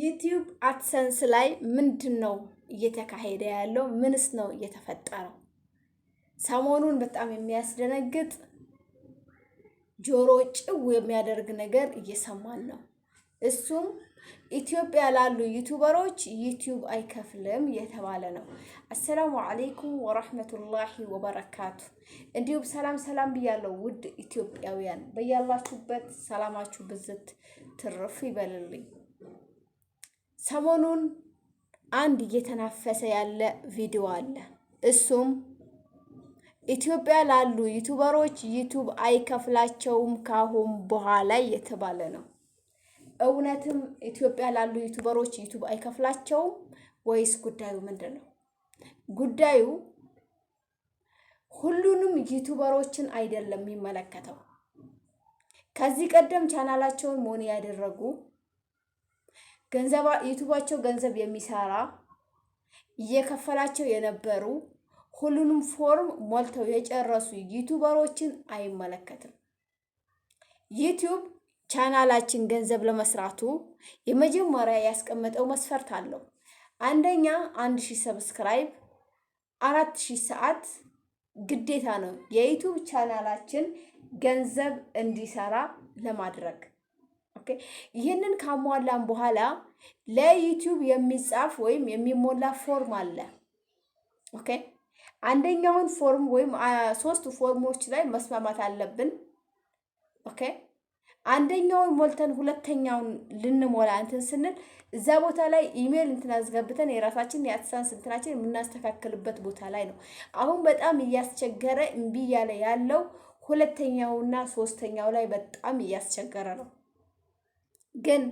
ዩቲዩብ አድሰንስ ላይ ምንድን ነው እየተካሄደ ያለው? ምንስ ነው እየተፈጠረው? ሰሞኑን በጣም የሚያስደነግጥ ጆሮ ጭው የሚያደርግ ነገር እየሰማን ነው። እሱም ኢትዮጵያ ላሉ ዩቱበሮች ዩቲዩብ አይከፍልም የተባለ ነው። አሰላሙ አለይኩም ወረህመቱላሂ ወበረካቱ። እንዲሁም ሰላም ሰላም ብያለው ውድ ኢትዮጵያውያን፣ በያላችሁበት ሰላማችሁ ብዝት ትርፍ ይበልልኝ። ሰሞኑን አንድ እየተናፈሰ ያለ ቪዲዮ አለ። እሱም ኢትዮጵያ ላሉ ዩቱበሮች ዩቱብ አይከፍላቸውም ካሁን በኋላ እየተባለ ነው። እውነትም ኢትዮጵያ ላሉ ዩቱበሮች ዩቱብ አይከፍላቸውም ወይስ ጉዳዩ ምንድን ነው? ጉዳዩ ሁሉንም ዩቱበሮችን አይደለም የሚመለከተው። ከዚህ ቀደም ቻናላቸውን ሞኒ ያደረጉ ገንዘባ ዩቱባቸው ገንዘብ የሚሰራ እየከፈላቸው የነበሩ ሁሉንም ፎርም ሞልተው የጨረሱ ዩቱበሮችን አይመለከትም። ዩቲዩብ ቻናላችን ገንዘብ ለመስራቱ የመጀመሪያ ያስቀመጠው መስፈርት አለው። አንደኛ አንድ ሺህ ሰብስክራይብ፣ አራት ሺህ ሰዓት ግዴታ ነው የዩቱብ ቻናላችን ገንዘብ እንዲሰራ ለማድረግ ይህንን ካሟላን በኋላ ለዩቲዩብ የሚጻፍ ወይም የሚሞላ ፎርም አለ። ኦኬ አንደኛውን ፎርም ወይም ሶስቱ ፎርሞች ላይ መስማማት አለብን። ኦኬ አንደኛውን ሞልተን ሁለተኛውን ልንሞላ እንትን ስንል እዛ ቦታ ላይ ኢሜይል እንትን አስገብተን የራሳችን የአትሳንስ እንትናችን የምናስተካክልበት ቦታ ላይ ነው። አሁን በጣም እያስቸገረ እምቢ እያለ ያለው ሁለተኛውና ሶስተኛው ላይ በጣም እያስቸገረ ነው። ግን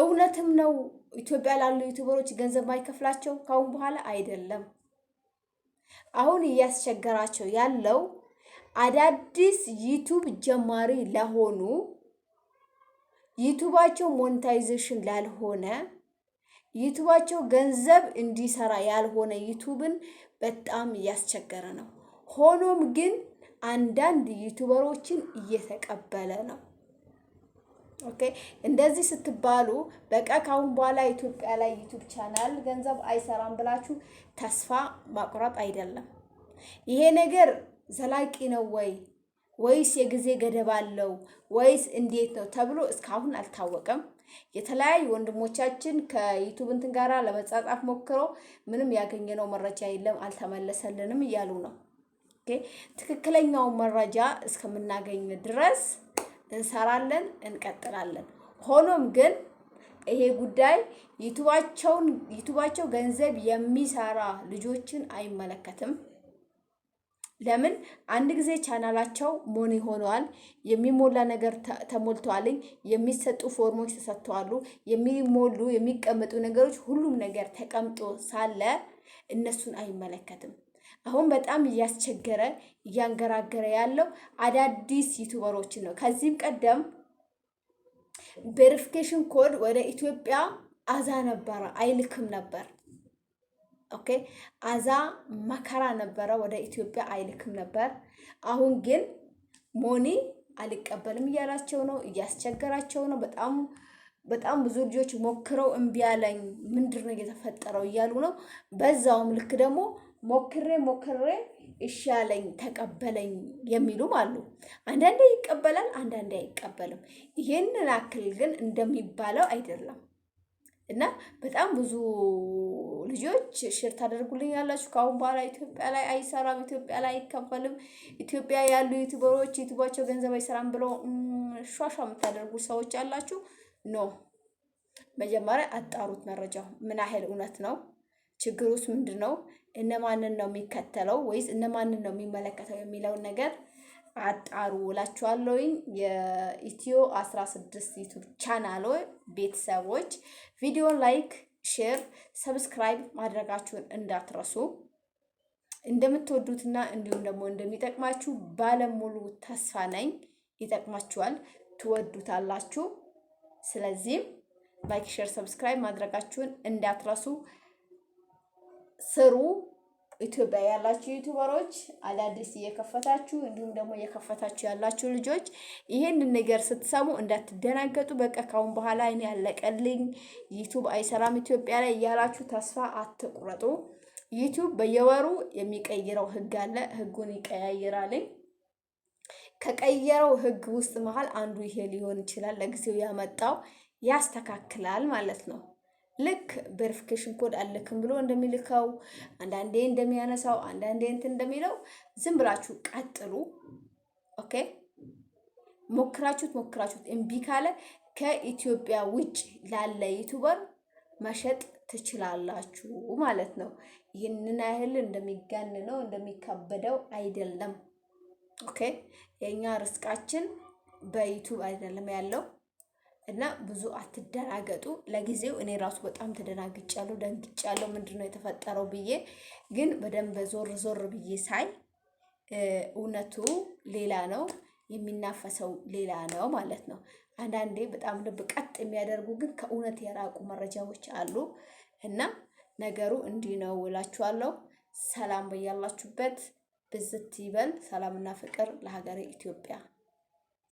እውነትም ነው ኢትዮጵያ ላሉ ዩቱበሮች ገንዘብ ማይከፍላቸው ካሁን በኋላ አይደለም። አሁን እያስቸገራቸው ያለው አዳዲስ ዩቱብ ጀማሪ ለሆኑ ዩቱባቸው ሞኔታይዜሽን ላልሆነ ዩቱባቸው ገንዘብ እንዲሰራ ያልሆነ ዩቱብን በጣም እያስቸገረ ነው። ሆኖም ግን አንዳንድ ዩቱበሮችን እየተቀበለ ነው። ኦኬ እንደዚህ ስትባሉ በቃ ካሁን በኋላ ኢትዮጵያ ላይ ዩቲዩብ ቻናል ገንዘብ አይሰራም ብላችሁ ተስፋ ማቁረጥ አይደለም። ይሄ ነገር ዘላቂ ነው ወይ ወይስ የጊዜ ገደብ አለው ወይስ እንዴት ነው ተብሎ እስካሁን አልታወቀም። የተለያዩ ወንድሞቻችን ከዩቱብ እንትን ጋራ ለመጻጻፍ ሞክሮ ምንም ያገኘነው መረጃ የለም አልተመለሰልንም እያሉ ነው። ትክክለኛው መረጃ እስከምናገኝ ድረስ እንሰራለን፣ እንቀጥላለን። ሆኖም ግን ይሄ ጉዳይ ዩቱባቸውን ዩቱባቸው ገንዘብ የሚሰራ ልጆችን አይመለከትም። ለምን አንድ ጊዜ ቻናላቸው ሞኒ ሆነዋል። የሚሞላ ነገር ተሞልተዋልኝ። የሚሰጡ ፎርሞች ተሰጥተዋሉ። የሚሞሉ የሚቀመጡ ነገሮች፣ ሁሉም ነገር ተቀምጦ ሳለ እነሱን አይመለከትም። አሁን በጣም እያስቸገረ እያንገራገረ ያለው አዳዲስ ዩቱበሮችን ነው። ከዚህም ቀደም ቬሪፊኬሽን ኮድ ወደ ኢትዮጵያ አዛ ነበረ አይልክም ነበር። ኦኬ አዛ መከራ ነበረ፣ ወደ ኢትዮጵያ አይልክም ነበር። አሁን ግን ሞኒ አልቀበልም እያላቸው ነው፣ እያስቸገራቸው ነው። በጣም በጣም ብዙ ልጆች ሞክረው እምቢ አለኝ፣ ምንድን ነው እየተፈጠረው እያሉ ነው። በዛውም ልክ ደግሞ ሞክሬ ሞክሬ እሻለኝ ተቀበለኝ የሚሉም አሉ። አንዳንዴ ይቀበላል፣ አንዳንዴ አይቀበልም። ይህንን አክል ግን እንደሚባለው አይደለም እና በጣም ብዙ ልጆች ሽር ታደርጉልኝ ያላችሁ ከአሁን በኋላ ኢትዮጵያ ላይ አይሰራም፣ ኢትዮጵያ ላይ አይከፈልም፣ ኢትዮጵያ ያሉ ዩቱበሮች ዩቱባቸው ገንዘብ አይሰራም ብለው ሿሿ የምታደርጉ ሰዎች ያላችሁ ኖ፣ መጀመሪያ አጣሩት መረጃው ምን ያህል እውነት ነው። ችግር ውስጥ ምንድን ነው እነማንን ነው የሚከተለው ወይስ እነማንን ነው የሚመለከተው የሚለውን ነገር አጣሩ እላችኋለሁኝ። የኢትዮ 16 ዩቱብ ቻናሎ ቤተሰቦች ቪዲዮ ላይክ፣ ሼር፣ ሰብስክራይብ ማድረጋችሁን እንዳትረሱ። እንደምትወዱትና እንዲሁም ደግሞ እንደሚጠቅማችሁ ባለሙሉ ተስፋ ነኝ። ይጠቅማችኋል፣ ትወዱታላችሁ። ስለዚህም ላይክ፣ ሼር፣ ሰብስክራይብ ማድረጋችሁን እንዳትረሱ። ስሩ። ኢትዮጵያ ያላችሁ ዩቱበሮች አዳዲስ እየከፈታችሁ እንዲሁም ደግሞ እየከፈታችሁ ያላችሁ ልጆች ይሄን ነገር ስትሰሙ እንዳትደናገጡ። በቃ ካሁን በኋላ እኔ ያለቀልኝ ዩቱብ አይሰራም ኢትዮጵያ ላይ እያላችሁ ተስፋ አትቁረጡ። ዩቱብ በየወሩ የሚቀይረው ህግ አለ። ህጉን ይቀያይራልኝ። ከቀየረው ህግ ውስጥ መሀል አንዱ ይሄ ሊሆን ይችላል። ለጊዜው ያመጣው ያስተካክላል ማለት ነው። ልክ ቬሪፊኬሽን ኮድ አለክም ብሎ እንደሚልከው አንዳንዴ እንደሚያነሳው አንዳንዴ እንትን እንደሚለው ዝም ብላችሁ ቀጥሉ። ኦኬ ሞክራችሁት ሞክራችሁት እምቢ ካለ ከኢትዮጵያ ውጭ ላለ ዩቱበር መሸጥ ትችላላችሁ ማለት ነው። ይህንን ያህል እንደሚጋንነው እንደሚከበደው አይደለም። ኦኬ የእኛ ርስቃችን በዩቱብ አይደለም ያለው እና ብዙ አትደናገጡ። ለጊዜው እኔ ራሱ በጣም ተደናግጫለሁ፣ ደንግጫለሁ። ምንድን ነው የተፈጠረው ብዬ ግን በደንብ ዞር ዞር ብዬ ሳይ እውነቱ ሌላ ነው፣ የሚናፈሰው ሌላ ነው ማለት ነው። አንዳንዴ በጣም ልብ ቀጥ የሚያደርጉ ግን ከእውነት የራቁ መረጃዎች አሉ እና ነገሩ እንዲህ ነው እላችኋለሁ። ሰላም በያላችሁበት ብዝት ይበል። ሰላምና ፍቅር ለሀገሬ ኢትዮጵያ